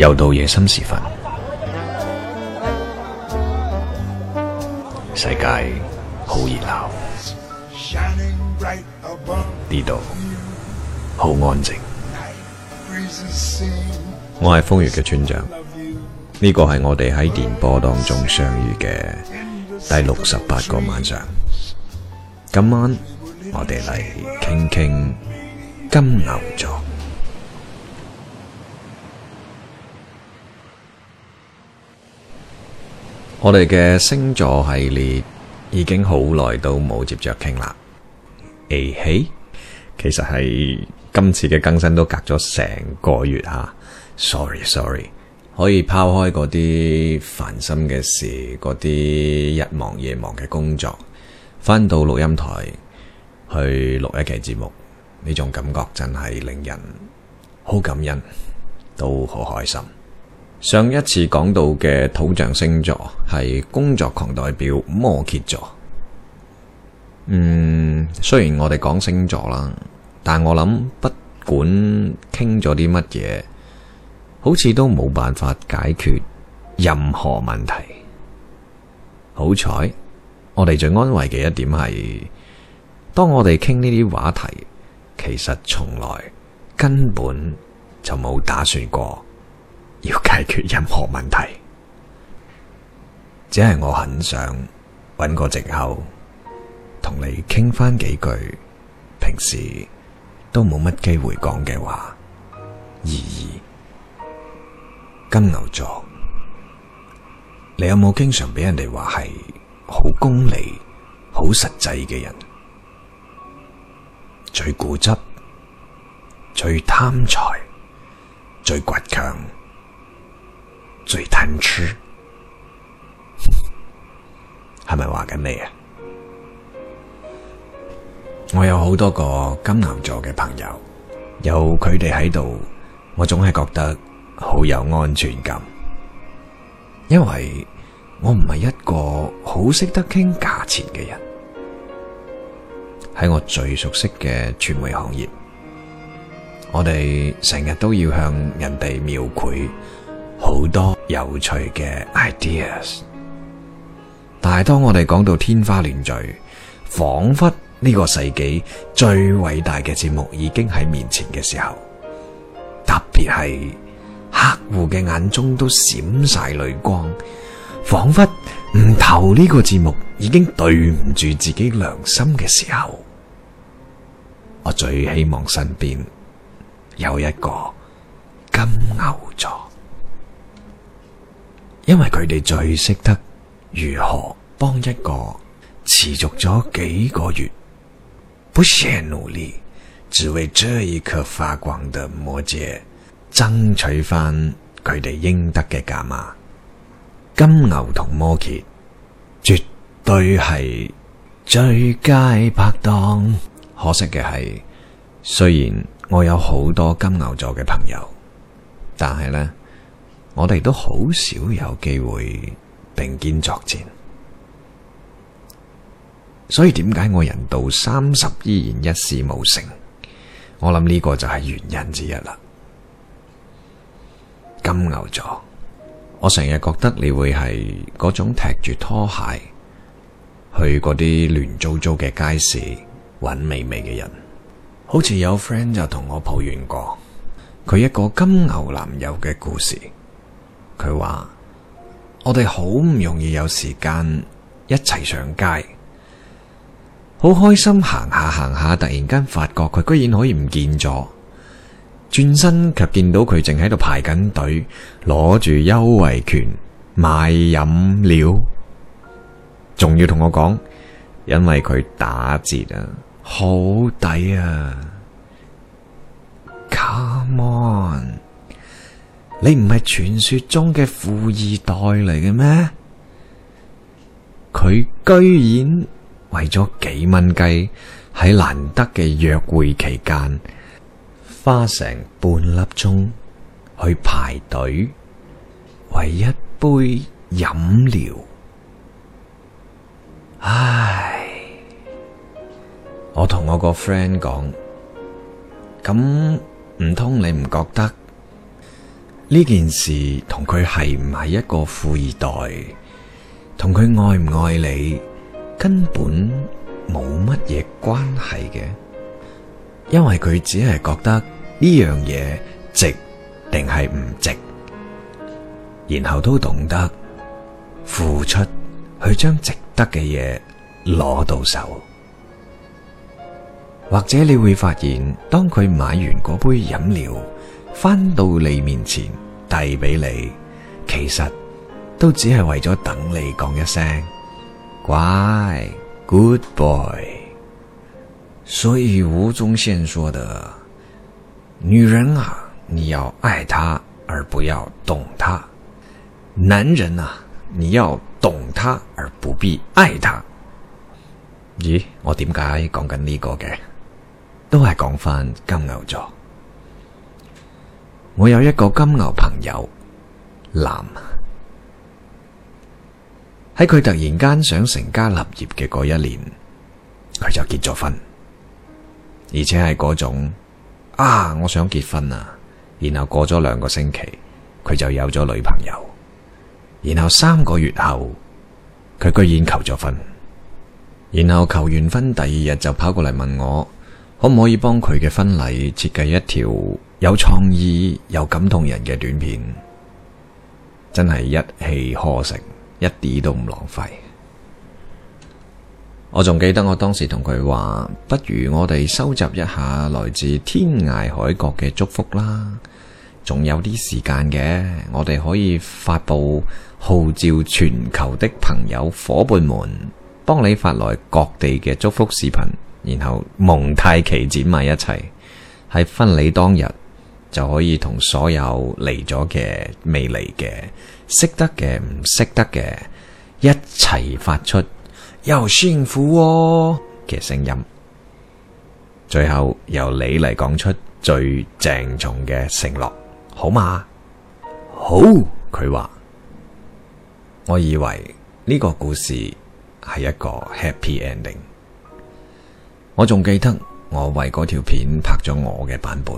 又到夜深時分，世界好熱鬧，呢度好安靜。我係瘋粵嘅村長，呢個係我哋喺電波當中相遇嘅第六十八個晚上。今晚我哋嚟傾傾金牛座。我哋嘅星座系列已經好耐都冇接着傾啦，誒嘿，其實係今次嘅更新都隔咗成個月吓，sorry sorry，可以拋開嗰啲煩心嘅事，嗰啲日忙夜忙嘅工作，返到錄音台去錄一期節目，呢種感覺真係令人好感恩，都好開心。上一次講到嘅土象星座係工作狂代表摩羯座。嗯，雖然我哋講星座啦，但我諗不管傾咗啲乜嘢，好似都冇辦法解決任何問題。好彩，我哋最安慰嘅一點係，當我哋傾呢啲話題，其實從來根本就冇打算過。要解決任何問題，只係我很想揾個藉口同你傾翻幾句，平時都冇乜機會講嘅話而已。金牛座，你有冇經常俾人哋話係好功利、好實際嘅人？最固執、最貪財、最倔強。最貪吃，係咪話緊你啊？我有好多個金牛座嘅朋友，有佢哋喺度，我總係覺得好有安全感。因為我唔係一個好識得傾價錢嘅人，喺我最熟悉嘅傳媒行業，我哋成日都要向人哋描繪。好多有趣嘅 ideas，但係當我哋講到天花亂墜，仿佛呢個世紀最偉大嘅節目已經喺面前嘅時候，特別係客戶嘅眼中都閃晒淚光，仿佛唔投呢個節目已經對唔住自己良心嘅時候，我最希望身邊有一個金牛座。因為佢哋最識得如何幫一個持續咗幾個月不懈努力，只為這一刻發光的摩羯爭取翻佢哋應得嘅價碼。金牛同摩羯絕對係最佳拍檔。可惜嘅係，雖然我有好多金牛座嘅朋友，但係呢。我哋都好少有機會並肩作戰，所以點解我人到三十依然一事無成？我諗呢個就係原因之一啦。金牛座，我成日覺得你會係嗰種踢住拖鞋去嗰啲亂糟糟嘅街市揾美味嘅人，好似有 friend 就同我抱怨過佢一個金牛男友嘅故事。佢話：我哋好唔容易有時間一齊上街，好開心行下行下，突然間發覺佢居然可以唔見咗，轉身卻見到佢正喺度排緊隊，攞住優惠券買飲料，仲要同我講，因為佢打折啊，好抵啊！Come on！你唔係傳說中嘅富二代嚟嘅咩？佢居然為咗幾蚊雞喺難得嘅約會期間，花成半粒鐘去排隊，為一杯飲料。唉，我同我個 friend 講，咁唔通你唔覺得？呢件事同佢係唔係一個富二代，同佢愛唔愛你，根本冇乜嘢關係嘅，因為佢只係覺得呢樣嘢值定係唔值，然後都懂得付出去將值得嘅嘢攞到手，或者你會發現，當佢買完嗰杯飲料，翻到你面前遞俾你，其實都只係為咗等你講一聲，乖，good boy。所以吳宗憲說的，女人啊，你要愛她，而不要懂她；男人啊，你要懂她，而不必愛她。咦，我點解講緊呢個嘅？都係講翻金牛座。我有一個金牛朋友，男。喺佢突然間想成家立業嘅嗰一年，佢就結咗婚，而且係嗰種啊，我想結婚啊，然後過咗兩個星期，佢就有咗女朋友，然後三個月後，佢居然求咗婚，然後求完婚第二日就跑過嚟問我可唔可以幫佢嘅婚禮設計一條，有創意有感動人嘅短片，真係一氣呵成，一啲都唔浪費。我仲記得我當時同佢話，不如我哋收集一下來自天涯海角嘅祝福啦，仲有啲時間嘅，我哋可以發布號召全球的朋友伙伴們，幫你發來各地嘅祝福視頻，然後蒙太奇剪埋一齊，喺婚禮當日。就可以同所有嚟咗嘅、未嚟嘅、識得嘅、唔識得嘅一齊發出要幸福嘅聲音。最後由你嚟講出最鄭重嘅承諾，好嗎？好，佢話，我以為呢個故事係一個 happy ending。我仲記得我為嗰條片拍咗我嘅版本。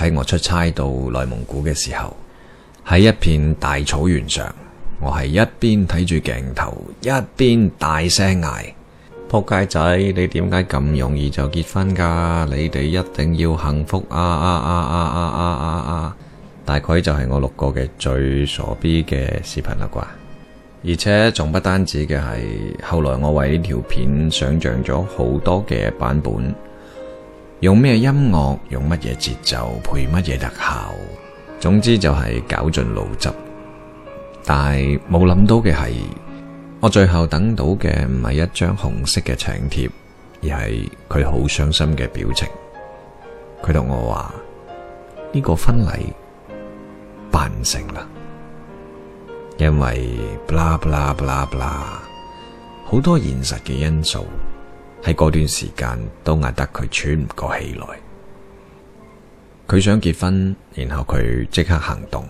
喺我出差到內蒙古嘅時候，喺一片大草原上，我係一邊睇住鏡頭，一邊大聲嗌：扑街仔，你點解咁容易就結婚噶？你哋一定要幸福啊啊啊啊啊啊啊！啊！大概就係我錄過嘅最傻逼嘅視頻啦啩。而且仲不單止嘅係，後來我為呢條片想象咗好多嘅版本。用咩音樂，用乜嘢節奏，配乜嘢特效，總之就係絞盡腦汁。但係冇諗到嘅係，我最後等到嘅唔係一張紅色嘅請帖，而係佢好傷心嘅表情。佢同我話：呢個婚禮辦唔成啦，因為不啦不啦不啦不啦，好多現實嘅因素。喺嗰段時間都壓得佢喘唔過氣來。佢想結婚，然後佢即刻行動。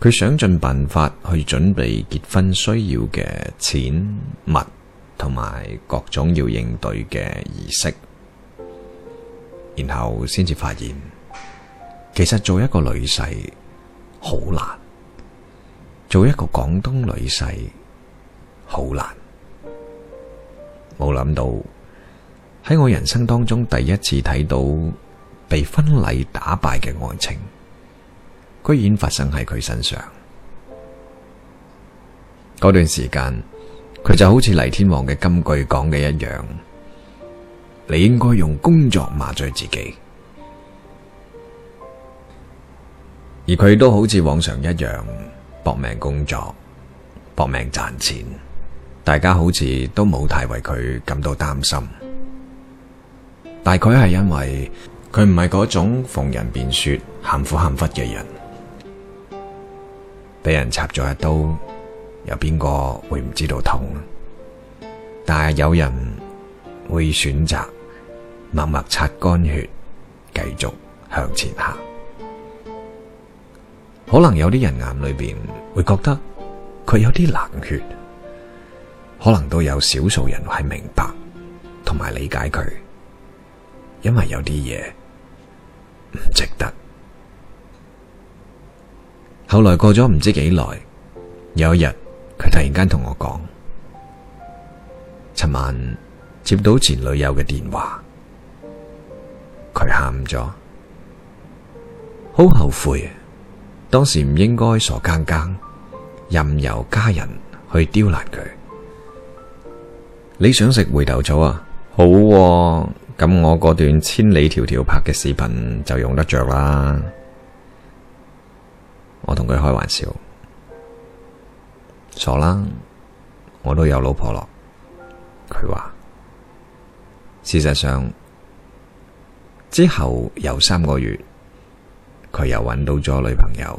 佢想盡辦法去準備結婚需要嘅錢物，同埋各種要應對嘅儀式，然後先至發現，其實做一個女婿好難，做一個廣東女婿好難。冇諗到喺我人生當中第一次睇到被婚禮打敗嘅愛情，居然發生喺佢身上。嗰段時間，佢就好似黎天王嘅金句講嘅一樣，你應該用工作麻醉自己，而佢都好似往常一樣搏命工作，搏命賺錢。大家好似都冇太為佢感到擔心，大概係因為佢唔係嗰種逢人便說喊苦喊忽嘅人，俾人插咗一刀，有邊個會唔知道痛？但係有人會選擇默默擦乾血，繼續向前行。可能有啲人眼裏面會覺得佢有啲冷血。可能都有少數人係明白同埋理解佢，因為有啲嘢唔值得。後來過咗唔知幾耐，有一日佢突然間同我講，尋晚接到前女友嘅電話，佢喊咗，好後悔，當時唔應該傻更更任由家人去刁難佢。你想食回頭草啊？好啊，咁我嗰段千里迢迢拍嘅視頻就用得着啦。我同佢開玩笑，傻啦，我都有老婆咯。佢話，事實上之後有三個月，佢又揾到咗女朋友，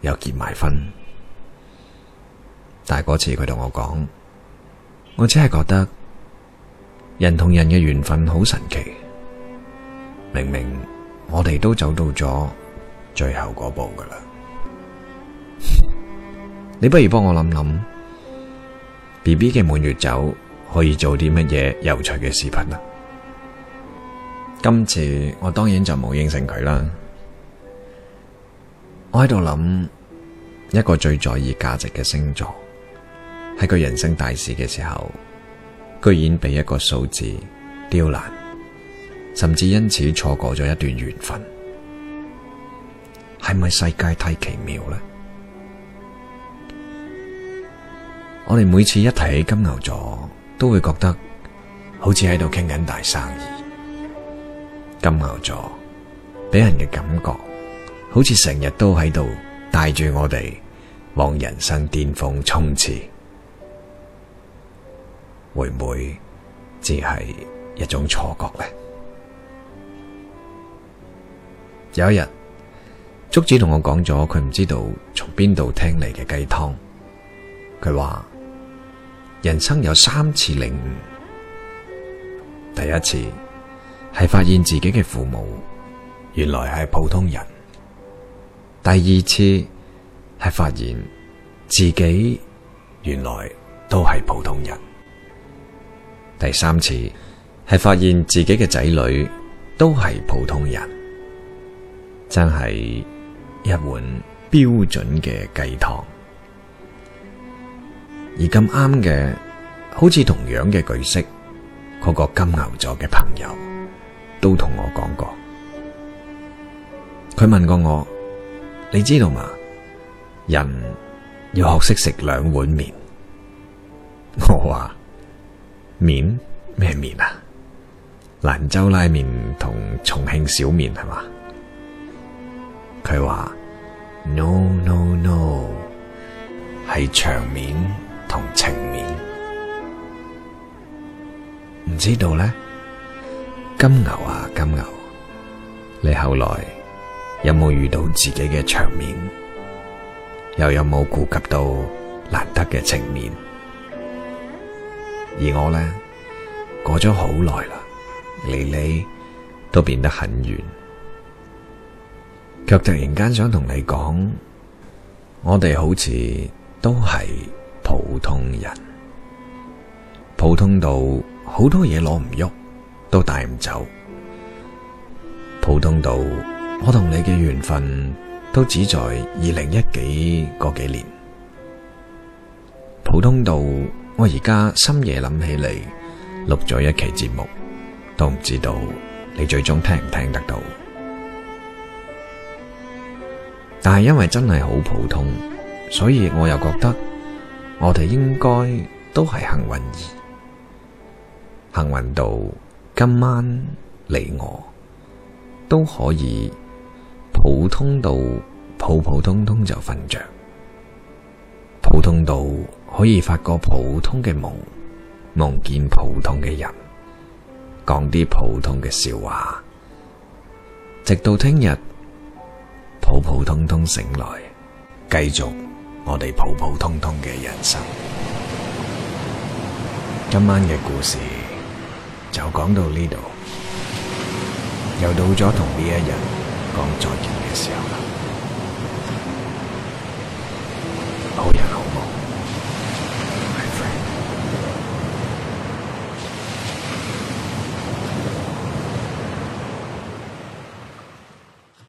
又結埋婚。但係嗰次佢同我講。我只係覺得人同人嘅緣分好神奇，明明我哋都走到咗最後嗰步噶啦，你不如幫我諗諗 BB 嘅滿月酒可以做啲乜嘢有趣嘅視頻啊？今次我當然就冇應承佢啦，我喺度諗一個最在意價值嘅星座。一個人生大事嘅時候，居然被一個數字刁難，甚至因此錯過咗一段緣分，係咪世界太奇妙呢？我哋每次一提起金牛座，都會覺得好似喺度傾緊大生意。金牛座俾人嘅感覺，好似成日都喺度帶住我哋往人生巔峰衝刺。會唔會只係一種錯覺呢？有一日，竹子同我講咗，佢唔知道從邊度聽嚟嘅雞湯。佢話：人生有三次領悟，第一次係發現自己嘅父母原來係普通人；第二次係發現自己原來都係普通人。第三次係發現自己嘅仔女都係普通人，真係一碗標準嘅雞湯。而咁啱嘅，好似同樣嘅句式，嗰個金牛座嘅朋友都同我講過。佢問過我，你知道嘛？人要學識食兩碗麵。我話，麵咩麵啊？蘭州拉麵同重慶小麵係嘛？佢話 no no no，係場面同情面，唔知道咧。金牛啊金牛，你後來有冇遇到自己嘅場面？又有冇顧及到難得嘅情面？而我呢，過咗好耐啦，離你都變得很遠，卻突然間想同你講，我哋好似都係普通人，普通到好多嘢攞唔喐，都帶唔走，普通到我同你嘅緣分都只在二零一幾嗰幾年，普通到。我而家深夜諗起嚟，錄咗一期節目，都唔知道你最終聽唔聽得到。但係因為真係好普通，所以我又覺得我哋應該都係幸運兒，幸運到今晚你我都可以普通到普普通通就瞓着，普通到。可以發個普通嘅夢，夢見普通嘅人，講啲普通嘅笑話，直到聽日普普通通醒來，繼續我哋普普通通嘅人生。今晚嘅故事就講到呢度，又到咗同呢一日講再見嘅時候啦。好嘢！